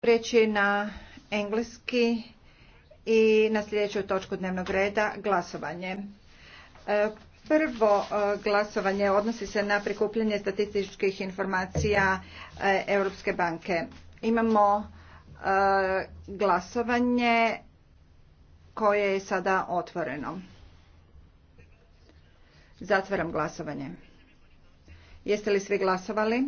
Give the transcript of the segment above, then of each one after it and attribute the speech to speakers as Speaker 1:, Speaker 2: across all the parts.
Speaker 1: Prijeći na engleski i na sljedeću točku dnevnog reda glasovanje. E, prvo e, glasovanje odnosi se na prikupljanje statističkih informacija e, Europske banke. Imamo glasovanje koje je sada otvoreno. Zatvaram glasovanje. Jeste li svi glasovali?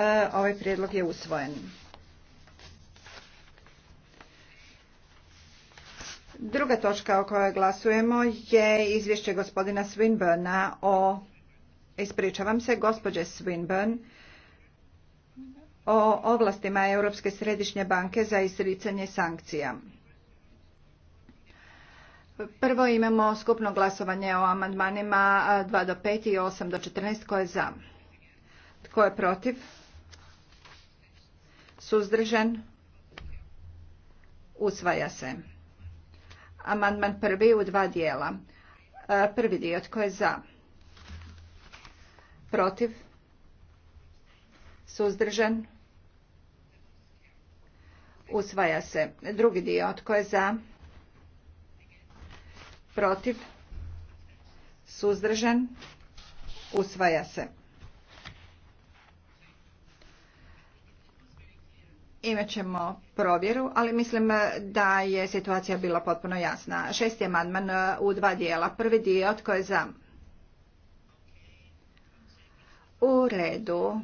Speaker 1: E, ovaj prijedlog je usvojen. Druga točka o kojoj glasujemo je izvješće gospodina Swinburna o, ispričavam se, gospođe Swinburne, o ovlastima Europske središnje banke za isricanje sankcija. Prvo imamo skupno glasovanje o amandmanima 2 do 5 i 8 do 14. Tko je za? Tko je protiv? Suzdržan? Usvaja se. Amandman prvi u dva dijela. E, prvi dio tko je za? Protiv? Suzdržan? Usvaja se. Drugi dio tko je za? Protiv? Suzdržan? Usvaja se. Imat ćemo provjeru, ali mislim eh, da je situacija bila potpuno jasna. Šesti amandman eh, u dva dijela. Prvi dio tko je za? U redu.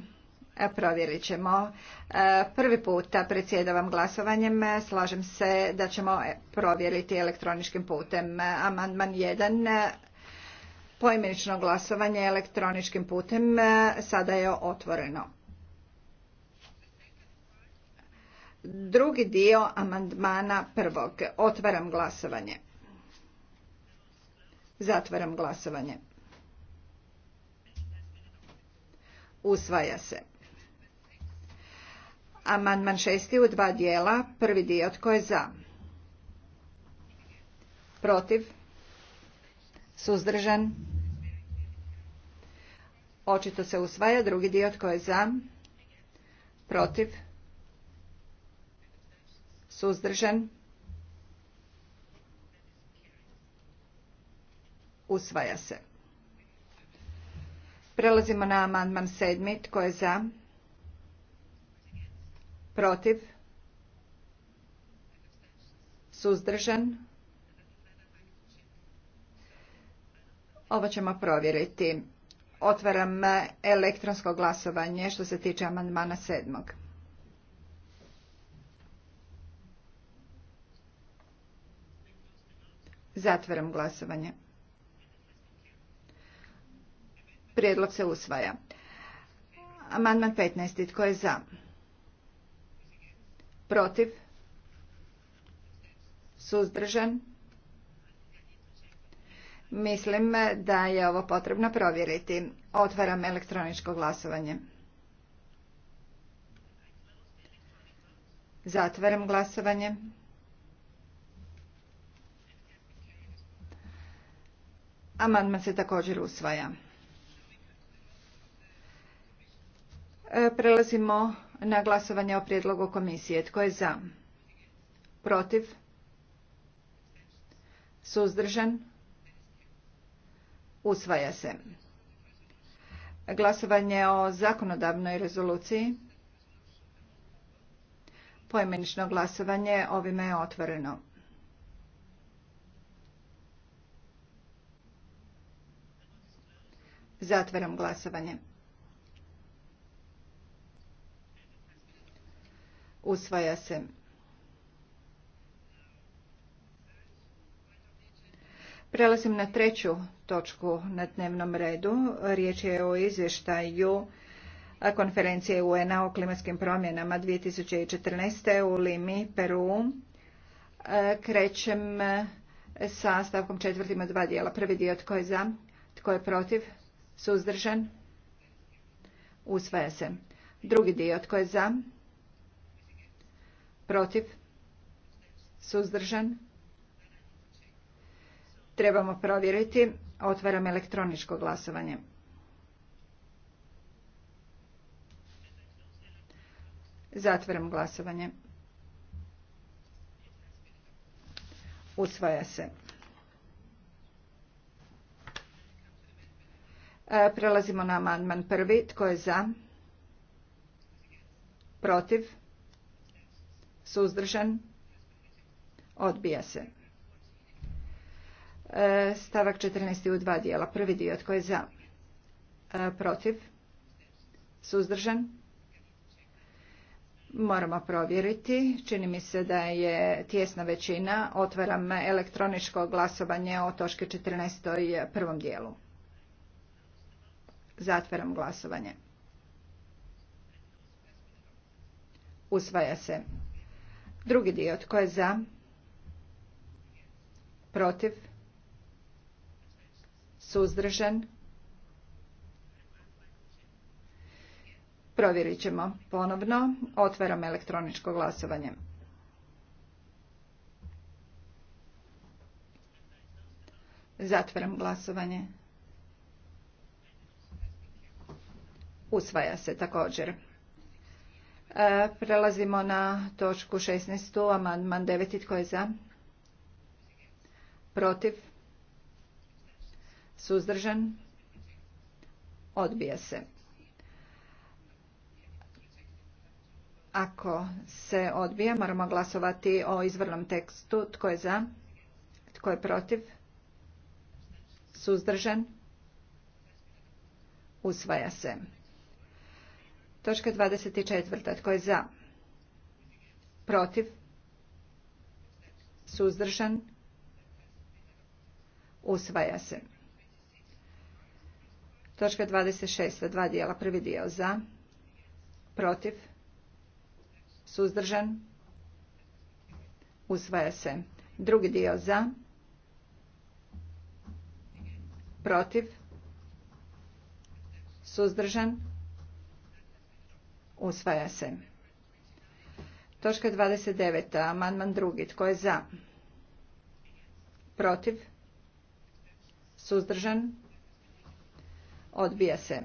Speaker 1: E, provjerit ćemo. E, prvi puta predsjedavam glasovanjem. E, slažem se da ćemo provjeriti elektroničkim putem. Amandman 1. Poimenično glasovanje elektroničkim putem sada je otvoreno. drugi dio amandmana prvog. Otvaram glasovanje. Zatvaram glasovanje. Usvaja se. Amandman šesti u dva dijela. Prvi dio tko je za? Protiv? Suzdržan? Očito se usvaja. Drugi dio tko je za? Protiv? Suzdržan? Usvaja se. Prelazimo na amandman sedmi. Tko je za? Protiv? Suzdržan? Ovo ćemo provjeriti. Otvaram eh, elektronsko glasovanje što se tiče amandmana sedmog. Zatvaram glasovanje. Prijedlog se usvaja. Amandman 15. Tko je za? Protiv? Suzdržan? Mislim da je ovo potrebno provjeriti. Otvaram elektroničko glasovanje. Zatvaram glasovanje. Amandman se također usvaja. E, prelazimo na glasovanje o prijedlogu komisije. Tko je za? Protiv? Suzdržan? Usvaja se. Glasovanje o zakonodavnoj rezoluciji. Poimenično glasovanje ovime je otvoreno. Zatvaram glasovanje. Usvaja se. Prelazim na treću točku na dnevnom redu. Riječ je o izvještaju konferencije UN-a o klimatskim promjenama 2014. u Limi, Peru. Krećem sa stavkom četvrtima dva dijela. Prvi dio tko je za, tko je protiv, Suzdržan? Usvaja se. Drugi dio. Tko je za? Protiv? Suzdržan? Trebamo provjeriti. Otvaram elektroničko glasovanje. Zatvaram glasovanje. Usvaja se. E, prelazimo na amandman prvi. Tko je za? Protiv? Suzdržan? Odbija se. E, stavak 14. u dva dijela. Prvi dio. Tko je za? E, protiv? Suzdržan? Moramo provjeriti. Čini mi se da je tjesna većina. Otvaram elektroničko glasovanje o točke 14. prvom dijelu. Zatvaram glasovanje. Usvaja se. Drugi dio. Tko je za? Protiv? Suzdržan? Provjerit ćemo ponovno. Otvaram elektroničko glasovanje. Zatvaram glasovanje. Usvaja se također. E, prelazimo na točku 16. Amandman 9. Tko je za? Protiv? Suzdržan? Odbija se. Ako se odbija, moramo glasovati o izvornom tekstu. Tko je za? Tko je protiv? Suzdržan? Usvaja se. Točka 24. Tko je za? Protiv? Suzdržan? Usvaja se. Točka 26. Dva dijela. Prvi dio za? Protiv? Suzdržan? Usvaja se. Drugi dio za? Protiv? Suzdržan? Usvaja se. Točka 29. Amandman drugi. Tko je za? Protiv? Suzdržan? Odbija se.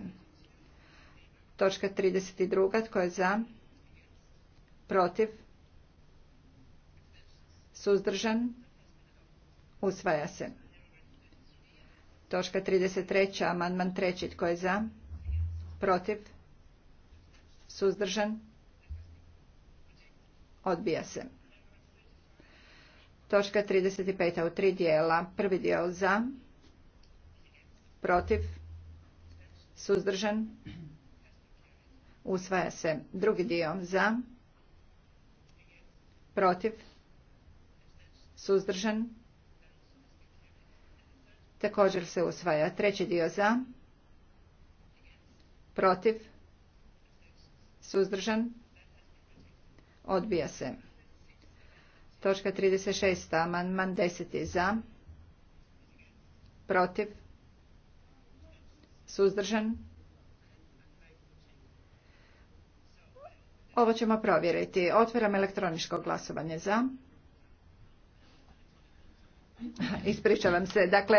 Speaker 1: Točka 32. Tko je za? Protiv? Suzdržan? Usvaja se. Točka 33. Amandman treći. Tko je za? Protiv? Suzdržan? Odbija se. Točka 35. u tri dijela. Prvi dio za, protiv, suzdržan, usvaja se. Drugi dio za, protiv, suzdržan, također se usvaja. Treći dio za, protiv, Suzdržan? Odbija se. Točka 36. Amandman 10. Za? Protiv? Suzdržan? Ovo ćemo provjeriti. Otvaram elektroničko glasovanje za. Ispričavam se. Dakle,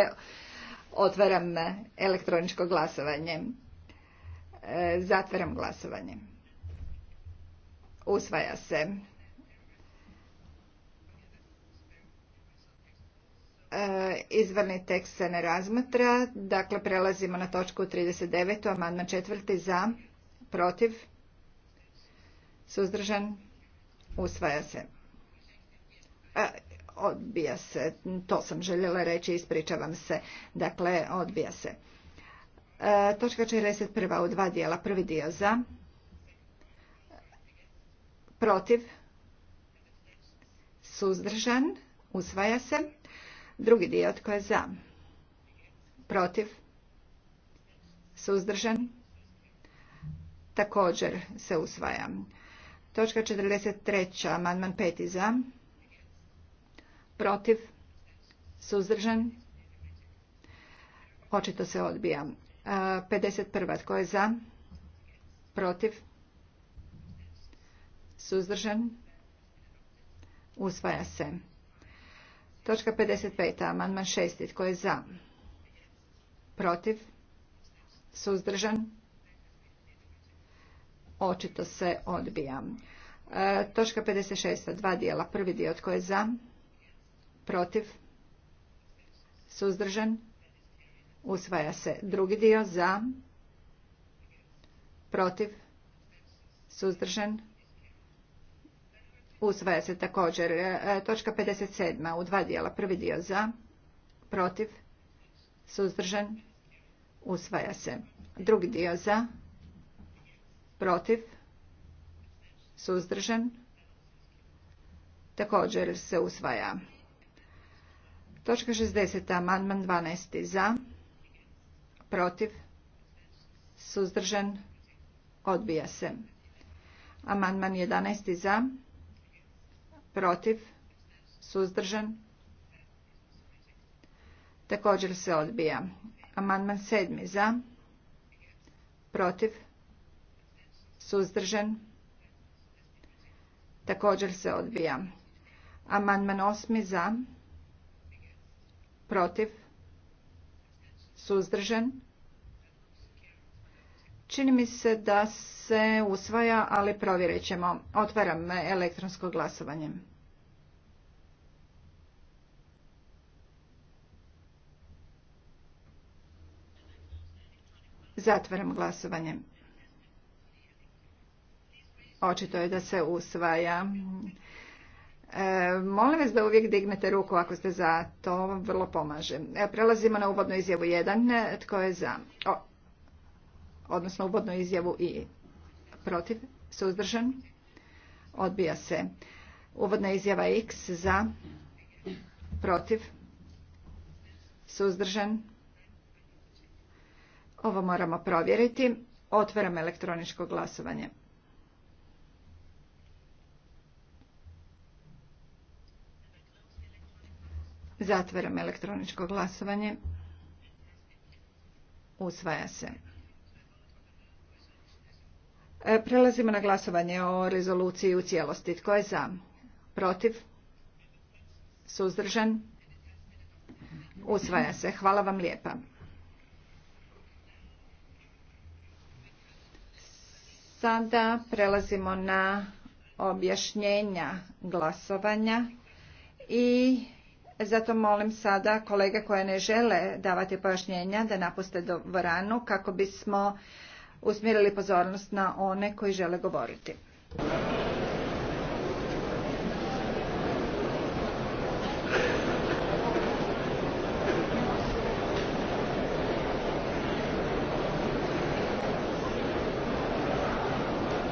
Speaker 1: otvaram elektroničko glasovanje. E, zatvaram glasovanje. Usvaja se. E, Izvrni tekst se ne razmatra. Dakle, prelazimo na točku 39. Amandman četvrti za, protiv, suzdržan, usvaja se. E, odbija se. To sam željela reći, ispričavam se. Dakle, odbija se. E, točka 41. u dva dijela. Prvi dio za, protiv, suzdržan, usvaja se. Drugi dio tko je za, protiv, suzdržan, također se usvaja. Točka 43. amandman 5. za, protiv, suzdržan, očito se odbija. 51. E, tko je za, protiv, Suzdržan? Usvaja se. Točka 55. Amandman 6. Tko je za? Protiv? Suzdržan? Očito se odbija. E, točka 56. Dva dijela. Prvi dio tko je za? Protiv? Suzdržan? Usvaja se. Drugi dio za? Protiv? Suzdržan? Usvaja se također e, točka 57. u dva dijela. Prvi dio za, protiv, suzdržan, usvaja se. Drugi dio za, protiv, suzdržan, također se usvaja. Točka 60. amandman 12. za, protiv, suzdržan, odbija se. Amandman 11. za, protiv, suzdržan, također se odbija. Amandman sedmi za, protiv, suzdržan, također se odbija. Amandman osmi za, protiv, suzdržan, Čini mi se da se usvaja, ali provjerit ćemo. Otvaram elektronsko glasovanje. Zatvaram glasovanje. Očito je da se usvaja. E, molim vas da uvijek dignete ruku ako ste za to, vrlo pomaže. E, prelazimo na uvodnu izjavu 1. Tko je za? odnosno uvodnu izjavu i protiv, suzdržan, odbija se. Uvodna izjava X za, protiv, suzdržan. Ovo moramo provjeriti. Otvaram elektroničko glasovanje. Zatvaram elektroničko glasovanje. Usvaja se. E, prelazimo na glasovanje o rezoluciji u cijelosti. Tko je za? Protiv? Suzdržan? Usvaja se. Hvala vam lijepa. Sada prelazimo na objašnjenja glasovanja i zato molim sada kolege koje ne žele davati pojašnjenja da napuste dvoranu kako bismo usmjerili pozornost na one koji žele govoriti.